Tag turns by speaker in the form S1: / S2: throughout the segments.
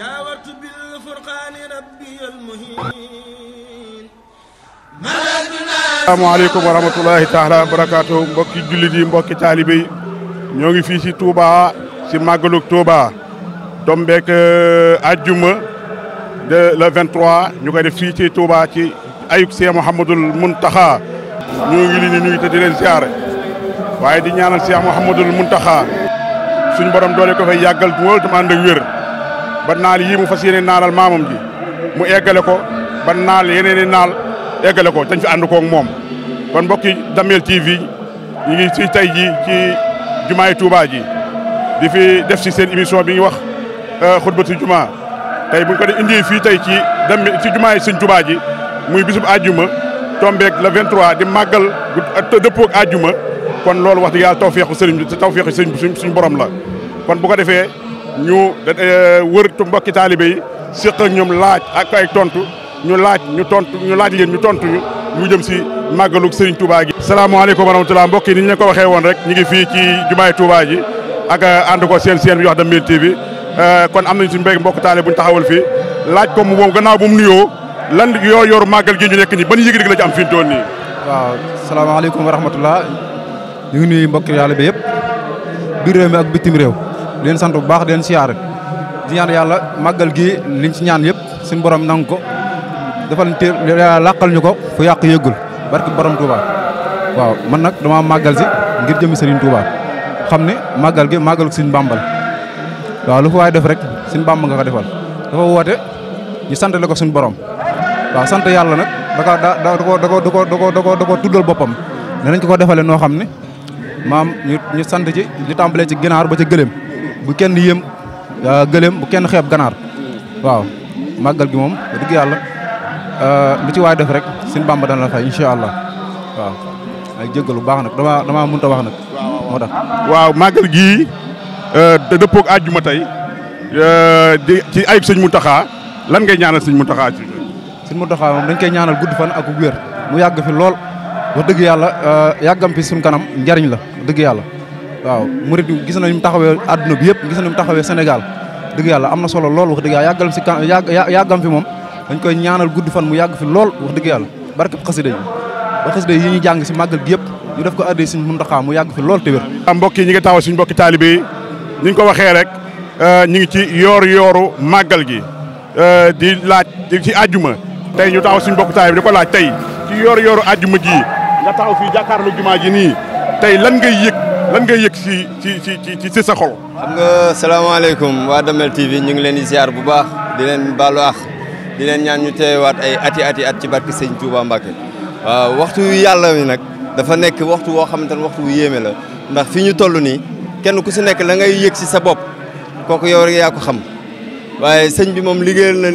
S1: جاورت بالفرقان ربي المهين
S2: السلام عليكم ورحمة الله تعالى وبركاته مبكي جلدي مبكي طالبي ñoo في سي توبا سي si màggalug Touba tombeek ajjuma de le 23 ñu koy def fi ci Touba ci ayuk Cheikh Mouhamadoul muntaha ñu ngi li ni nuyu te di len ziar waye di ñaanal Cheikh Mouhamadoul muntaha suñu borom doole ko fay yagal wóol tam ànd ak wér ba naal yii mu fas yéene naalal maamam ji mu eggale ko ba naal yeneen i naal eggale ko dañ fi ànd koog moom. kon mbokki Damel TV ñu ngi si tey ji ci jumaay Touba ji di fi def si seen émission bi ñuy wax euh, xutbatu juma tey bu ñu ko di indi fii tey ci Damel ci jumaay sëñ Touba ji muy bisub àjjuma tombeeg la 23 di màggal dëppoog àjjuma kon loolu wax dëgg yàlla tawféexu sëriñ bi tawféexu sëriñ suñ borom la kon bu ko defee. ñu eh, wër mbokki taalibe yi séq ak ñoom laaj ak ay tontu ñu laaj ñu tont ñu laaj leen ñu tontu ñu lu jëm si màggalug Serigne Touba gi. salaamaaleykum wa rahmatulah mbokk yi ni ñu ko waxee woon rek ñu ngi fii ci jumaay Touba ji ak eh, ànd ko seen seen bi wax da Mbir TV kon am nañ suñu mbéy mbokk taalibe bu ñu taxawal fii laaj ko mu moom gannaaw bu mu nuyoo lan yoo yor màggal gi ñu nekk nii ban yëg-yëg
S1: la ci am fi mu toll waaw salaamaaleykum wa rahmatulah ñu ngi nuyu mbokk yàlla bi yëpp biir réew mi ak réew di leen sant bu baax di leen siyaare di ñaan yalla magal gi liñ ci ñaan yépp suñu borom nang ko defal ñu làqal ñu ko fu yaq yegul barki borom Touba waaw man nak dama magal ci ngir jëmi Serigne Touba xamne magal gi magal suñu bambal waaw lu ko way def rek suñu bàmb nga ko defal dafa wote ñu sant la ko suñu borom waaw sant yalla nak da ko da ko da ko da ko da ko da ko tuddal bopam nañ ko ko defale no xamne maam ñu sant ci li tambalé ci ginaar ba ci gëlem bu kenn yéem gëléem bu kenn xeeb ganaar waaw màggal gi moom dëgg yàlla euh, lu ci waay def rek suñu bàmba dana la fay incha allah waaw ay jéggalu baax nag dama dama mënut a wax nag moo tax waaw màggal gii euh, dëppoog àjjuma tey euh, ci
S2: ayib sëñ Mountakha lan ngay ñaanal sëñ Mountakha ci
S1: sëñ Mountakha moom dañ koy ñaanal gudd fan ak wér mu yàgg fi lool wax dëgg yàlla yàggam fi suñ kanam njariñ la dëgg yàlla waaw murid gis nañu mu taxawee adduna bi yëpp gis nañu mu taxawee Sénégal dëgg yàlla am na solo lool wax dëgg yàlla yàggal si kan yàggam fi moom dañ koy ñaanal gudd fan mu yàgg fi lool wax dëgg yàlla barkab xasida yi ba xasida yi ñu jàng si màggal gi yëpp ñu def ko addee suñ Muntaxa mu yàgg fi lool te wér am mbokk yi ñi ngi taxaw suñ mbokki taalibe yi ni ñu ko waxee rek euh, ñu ngi ci yoor yooru màggal
S2: gi euh, di laaj ci àjjuma tey ñu taxaw suñ mbokki taalibe di ko laaj tey ci yoor yooru àjjuma gi nga taxaw fii jàkkaarlu jumaa tey lan ngay yég lan ngay yëg ci ci ci ci ci sa xol. xam
S3: nga salaamaaleykum waa Damel TV ñu ngi leen di ziar bu baax di leen baalu ax ñaan ñu teewaat ay ati ati at ci barke Sëñ Touba Mbacke. waaw waxtu yàlla wi nag dafa nekk waxtu woo xamante ne waxtu wu yéeme la ndax fi ñu toll nii kenn ku si nekk la ngay yég si sa bopp kooku yow rek yaa ko xam waaye sëñ bi moom liggéeyal na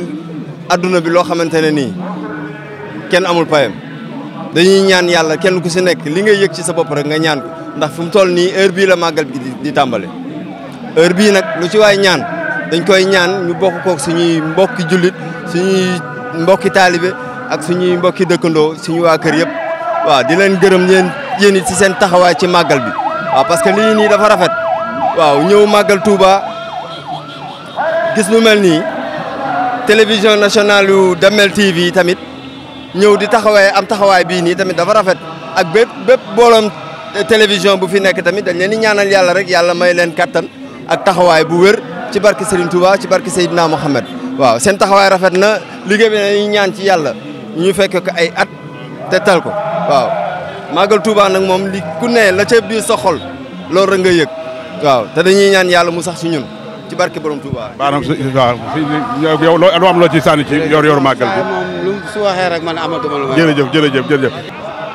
S3: adduna bi loo xamante ne nii kenn amul payam. dañuy ñaan yàlla kenn ku si nekk li nga yëg ci sa bopp rek nga ñaan ndax fu mu toll nii heure bii la màggal bi di tàmbale heure bii nag lu ci waay ñaan dañ koy ñaan ñu bokk kook suñuy mbokki jullit suñu mbokki taalibe ak suñuy mbokki dëkkandoo suñu waa kër yëpp waaw di leen gërëm leen yéen it si seen taxawaay ci màggal bi waaw parce que lii nii dafa rafet waa ñëw màggal tuuba gis lu mel nii télévision nationale yu Damel TV tamit ñëw di taxawaay am taxawaay bii nii tamit dafa rafet ak bépp bépp booloom télévision bu fi nekk tamit dañ leen di ñaanal yàlla rek yàlla may leen kattan ak taxawaay bu wér ci barke Serigne Touba ci barke Seydina Mohamed waaw seen taxawaay rafet na liggéey bi dañuy ñaan ci yàlla ñu fekk ko ay at te tal ko waaw màggal Touba nag moom li ku ne la ca biir sa xol loolu rek nga yëg waaw te dañuy ñaan yàlla mu sax si ñun ci barke borom Touba.
S2: waaw yow loo am loo ci
S1: su waxee rek man amatuma lu jërëjëf
S2: jërëjëf jërëjëf.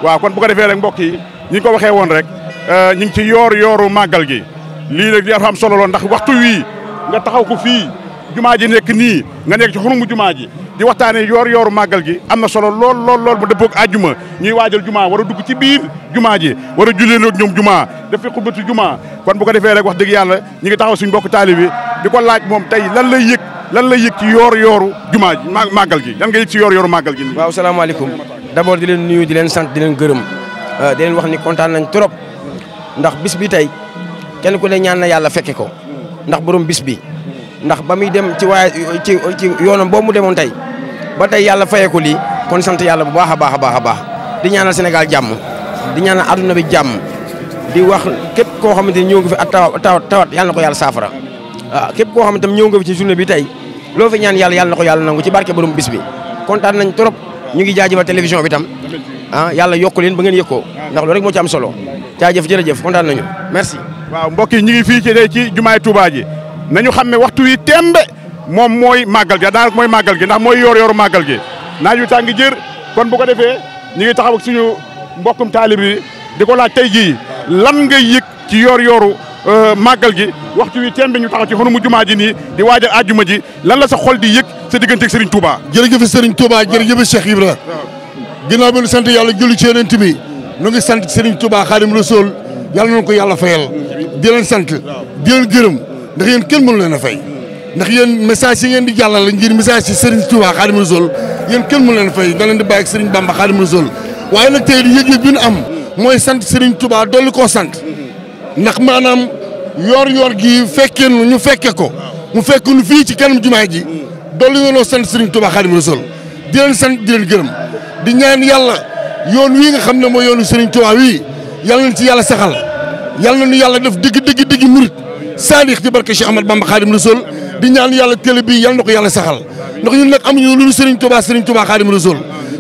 S2: waaw kon bu ko defee rek mbokk yi ñi ko waxee woon rek euh, ñu ngi ci yoor yooru màggal gi lii nag li am solo lool ndax waxtu wii nga taxaw ko fii jumaa ji nekk nii nga nekk ci mu jumaa ji di waxtaanee yoor yooru màggal gi am na solo lool lool lool bu dëppoog àjjuma ñuy waajal jumaa war a dugg ci biir jumaa ji war a julleenoog ñoom jumaa dafa xubbatu jumaa kon bu ko defee rek wax dëgg yàlla ñi ngi taxaw suñu mbokk taalibe bi di ko laaj moom tey lan lay yëg lan la
S1: yek ci yor yoru magalgi. ji màggal gi lan nga yek ci yor yoru magal gi wa assalamu alaykum d'abord di len nuyu di len sant di geureum euh di len wax ni contane nañ trop ndax bis bi tay kenn ku ne ñaan na yalla fekke ko ndax borom bis bi ndax bamuy dem ci way ci ci yonam bo mu demon tay ba tay yalla fayee ko kon sante yalla bu baakha baakha baakha baax di ñaanal senegal jamm di ñaanal aduna bi jamm di wax kep ko xamanteni ñoo ngi fi tawat tawat yalla nako yalla safara waaw ah, képp koo xam ne tam ñëw nga fi ci journée bi tey loo fi ñaan yàlla yàlla na ko yàlla nangu ci barke borom bis bi kontaan nañ trop ñu ngi jaajëfal télévision bi tam ah yàlla yokk leen ba ngeen yëg ko ndax loolu rek moo ci am solo jaajëf jërëjëf kontaan nañu merci.
S2: waaw mbokk yi ñu ngi fii ci day ci jumaay Touba ji nañu xam ne waxtu wi tembe moom mooy màggal gi daanaka mooy màggal gi ndax mooy yor-yoru màggal gi naaj taa tàng jër kon bu ko defee ñu ngi taxaw ak suñu mbokkum taalib yi ko laaj tey jii lan ngay yëg ci yor-yoru Euh, màggal gi waxtu wi tembe ñu taxaw ci xonu mu jumaa ji nii di a juma ji lan la sa xol di yëg sa diggante ak Serigne Touba. jërëjëf Serigne Touba jërëjëf Cheikh Ibra. ginnaaw bi nu sant yàlla julli ci yonent bi nu ngi sant Serigne Touba Xaadim Rasuul yàlla na ko yàlla fayal di leen sant di leen gërëm ndax yéen kenn mënu leen a fay. ndax yéen message yi ngeen di jàllale ngir message yi Serigne Touba Xaadim sol yéen kenn mënu leen fay nga leen di bàyyi ak Serigne Bamba Xaadim Rasuul waaye tey yëg-yëg bi am mooy sant Serigne Touba dolli koo sant ndax maanaam yoor yoor gi fekkee nu ñu fekke ko mu fekk nu fii ci kanam jumaa ji dolli yoonoo sant Serigne Touba Xaadimu Rasuul di leen sant di leen gërëm di ñaan yàlla yoon wii nga xam ne mooy yoonu Serigne Touba wii yàlla nañ ci yàlla saxal yàlla nañu yàlla def digg digg digg murit saadix di barke Cheikh Ahmad Bamba Xaadimu Rasuul di ñaan yàlla télé bii yàlla na ko yàlla saxal ndax ñun nag amuñu lu Serigne Touba Serigne Touba Xaadimu Rasuul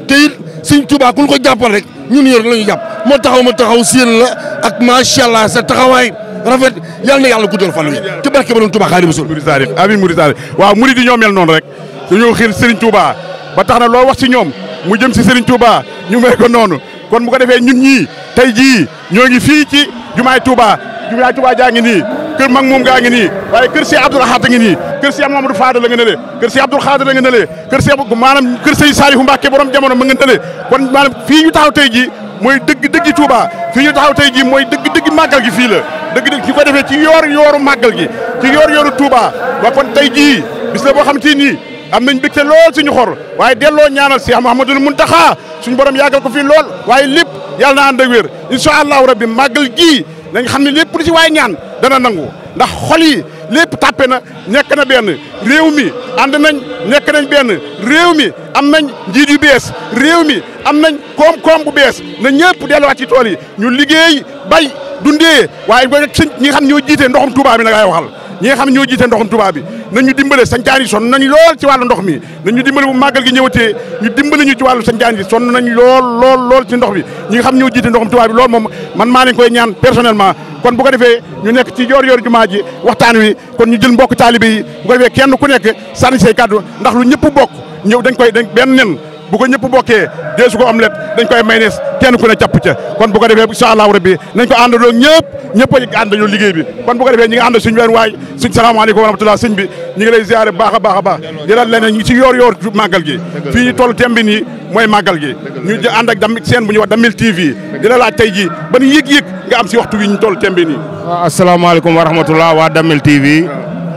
S2: te it sëñ Tuubaa ku ko jàppal rek ñun yor la ñu jàpp moo taxaw ma taxaw seen la ak macha allah sa taxawaay rafet yal na yàlla guddal fan wi ci barke ba doon Tuubaa Xaadimu Rasuul Murid Saadix amiin Murid Saadix waaw murid yi ñoo mel noonu rek dañoo xiir Serigne Touba ba tax na loo wax ci ñoom mu jëm si Serigne Touba ñu may ko noonu kon bu ko defee ñun ñii tey jii ñoo ngi fii ci jumaay Touba jumaay Touba jaa ngi nii kër mag moom gaa ngi nii waaye kër Cheikh Abdoul Ahad a ngi nii kër Cheikh Mamadou Fadal la nga nële kër Cheikh Abdoul Khadir la nga nële kër Cheikh maanaam kër Sëy Saalihu nële kon maanaam fii ñu taxaw tey ji mooy dëgg dëgg Touba fii taxaw tey ji mooy dëgg dëgg màggal gi fii dëgg dëgg ki ko defee ci yoor yooru màggal gi ci yoor yooru Touba wa kon tey jii bis la boo xam te nii am nañ mbégte lool suñu xor waaye delloo ñaanal Cheikh Mouhamadoul Mountakha suñu borom yàggal ko fii lool waaye lépp yàlla na ànd ak wér incha allahu rabbi màggal gii nañ xam ne lépp lu ci waaye ñaan dana nangu ndax xol yi lépp tàppe na nekk na benn réew mi ànd nañ nekk nañ réew mi am nañ njiit yu bees réew mi am nañ koom-koom bu bees na ñëpp delluwaat ci tool yi ñu liggéey bay dundee waaye ba nag ñi nga xam ñoo jiite ndoxum Touba bi na ngay waxal ñi nga xam ñoo jiite ndoxum Touba bi nañu dimbale santaan yi son nañ lool ci wàllu ndox mi nañu dimbale bu màggal gi ñëwatee ñu dimbale ñu ci wàllu santaan yi sonn nañ lool lool lool ci ndox bi ñi nga xam ñoo jiite ndoxum Touba bi lool moom man maa leen koy ñaan personnellement kon bu ko defee ñu nekk ci yoor yoor jumaa ji waxtaan wi kon ñu jël mbokk taalibe yi bu ko kenn ku nekk sànni say kàddu ndax lu ñëpp bokk ñëw dañ koy dañ benn nen bu ko ñëpp bokkee dee su ko am lépp dañ koy may nees kenn ku ne capp ca kon bu ko defee incha allahu rabbi nañ ko àndandoo ñëpp ñëpp a àndandoo bi kon bu ko defee ñi ngi ànd suñu benn waay suñ salaamaaleykum wa rahmatullah sëñ bi a a baax di la leneen ci yoor yoor màggal gi fii ñu toll tembi nii mooy màggal gi ñu ànd ak dam seen bu ñuy wax damil TV di la laaj tey jii ban yëg-yëg nga am si waxtu wi ñu toll tembi nii waaw asalaamaaleykum wa rahmatullah waa damil TV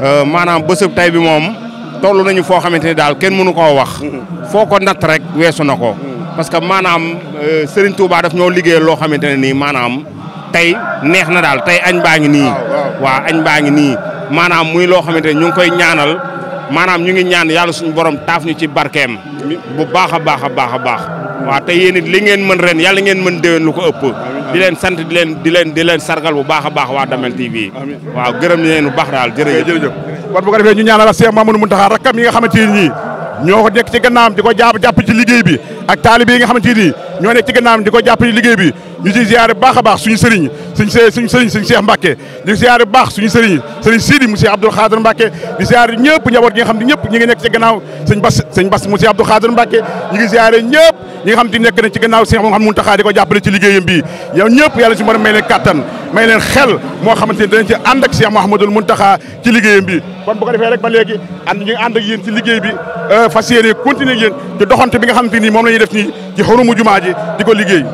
S2: euh, maanaam bésëb tey bi moom tolu nañu fo xamanteni dal kenn mënu ko wax. foko nat rek wessu nako parce que manam euh, Serigne Touba daf ñoo liggéey lo xamanteni ni manam tay tey neex na daal tey añ baangi ni wa añ baa ngi muy lo xamanteni ñu koy ñaanal manam ñu ngi ñaan yalla suñu borom taaf ñu ci barkem bu baaxa baaxa baaxa baax wa tay yeen nit li ngeen mën ren yalla ngeen mën deewen lu ko ëpp. di len sant di len di len di len sargal bu baaxa baax wa Damel TV. wa gërëm leen bu baax jërëjëf. kon bu ko defee ñu ñaanal Cheikh Mamadou Mountakha rakkam yi nga xamante ni ñoo ko nekk ci gannaawam di ko jàpp jàpp ci liggéey bi ak taalibe yi nga xamante ni ñoo nekk ci gannaawam di ko jàppale liggéey bi ñu ci ziyaare baax a baax suñu sëriñ suñ see suñ sëriñ suñ Cheikh Mbacke di ziyaare bu baax suñu sëriñ sëriñ Sidi mu Cheikh Abdoul Khadir Mbacke di ziyaare ñëpp njaboot gi xam ne ñëpp ñi ngi nekk ci gannaaw sëñ Bass ziyaare ñëpp ñi nga xam ne nekk na ci gannaaw Cheikh moom xam mun taxaa di ko jàppale ci liggéeyam bii yow ñëpp si mën a may kattan may leen xel moo xamante ne danañ ci ànd ak Cheikh Mouhamadoul Mountakha ci liggéeyam bi kon bu ko defee rek ba léegi ànd ñu ci
S3: liggéey bi fas yéene continuer yéen ci bi nga xamante ni moom la ñuy def nii ci xarumu jumaa ji di ko liggéey